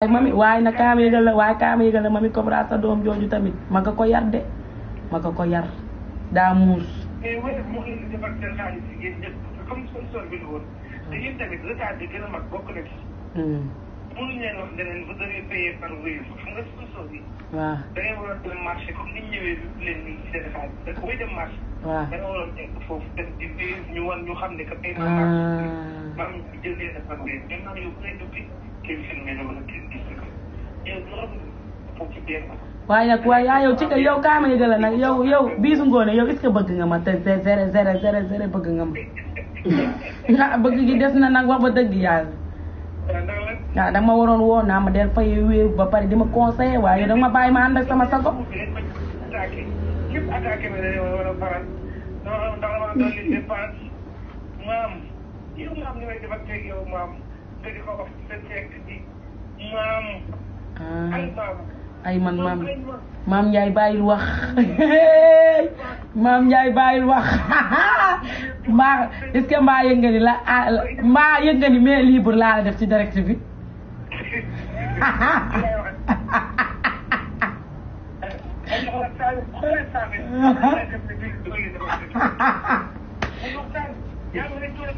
ak mami waaye nag kaama yëgal la waaye kaama yëgal la mami Cobra sa doom jooju tamit ma ko yar de ma ko yar daa muus. Eh, hmm. mënuñ leen maa ngi jël les ci dee ko. waaye nag waaye yow ci yow kaay ma yëgal la bëgg nga ma te zere zere zere zere bëgg nga ma. bëgg gi des na nag wax ba dëgg yàlla. waaw da ma waroon woo naa ma del fay wéeru ba pare di ma conseiller waaye da ma bàyyi ma ànd ak sama sago. képp yow maam ni may defanteeg yow maam nga di ko wax sa tekk bi maam. ay ay man maam maam Ndiaye bàyyil wax maam Ndiaye bàyyil wax mbaa la mbaa yëg nga ni mais libre laa la def ci direct bi.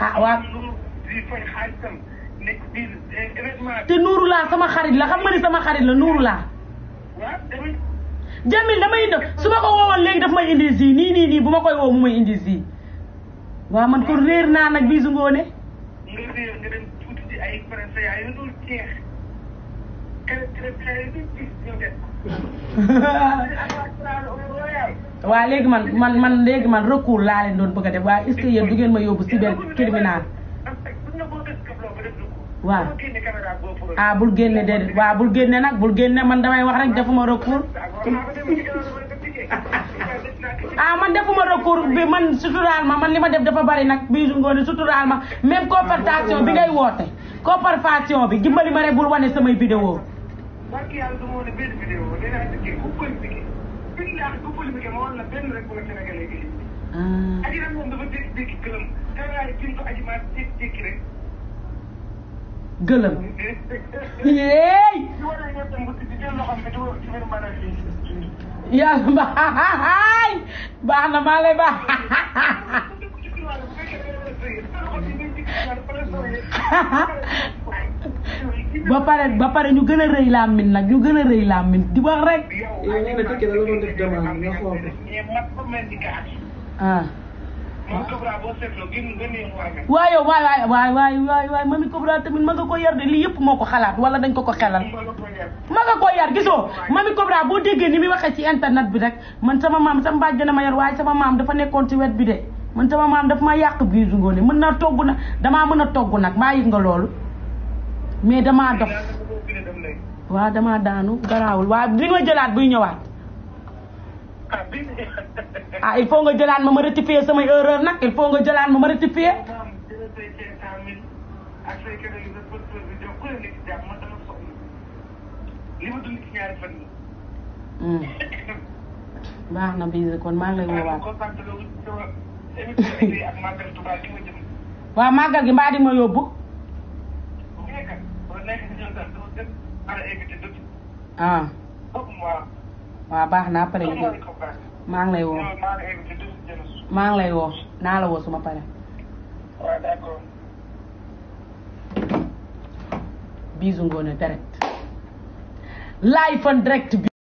ah waaw. te nuuru laa sama xarit la xam nga ni sama xarit la nuuru laa. Jamil damay def su ma ko woowoon léegi daf may indi bu ma koy woo mu may indi si. waaw man ko réer naa nag bisu ngoone. nga waa léegi man man man léegi man recours laa leen doon bëgg a yéen du ngeen ma yóbbu cyber criminal waaw ah bul génne déedéet waaw bul génne nag bul génne man damay wax rek defuma recours ah man defuma recours bi man suturaal ma man li ma def dafa bari nag bii ngoone suturaal ma même confrontation bi ngay woote confrontation bi dimbali ma rek bul wane samay vidéo billahi yeey. li war a na maa lay ba pare ba pare ñu gën a rëy làmmiñ nag ñu gën a rëy làmmiñ di wax rek. yow ñu ne Tike da la doon def demande nga ah. waay waay waay waay waay waay mami Cobra tamit ma nga ko yar de lii yëpp moo ko xalaat wala dañ ko ko xelal. ma nga ko yar gisoo mami Cobra boo déggee ni muy waxee ci internet bi rek man sama maam sama baaj dana ma yar waaye sama maam dafa nekkoon ci wet bi de man sama maam daf ma yàq biir ngoone mën naa togg nag damaa mën a togg nag maa yëg nga loolu. mais damaa dof waaw damaa daanu garaawul di nga jëlaat buy ñëwaat ah, ah il faut jëlaat ma ma rectifier samay erreur nag il faut nga jëlaat ma ma rectifier hmm. baax na bii kon maa ngi lay woowaat waaw gi mbaa di ma yóbbu ah. waaw baax naa pare nga maa ngi lay woo maa ngi lay woo naa la woo suma pare. bisu ngoone direct live en direct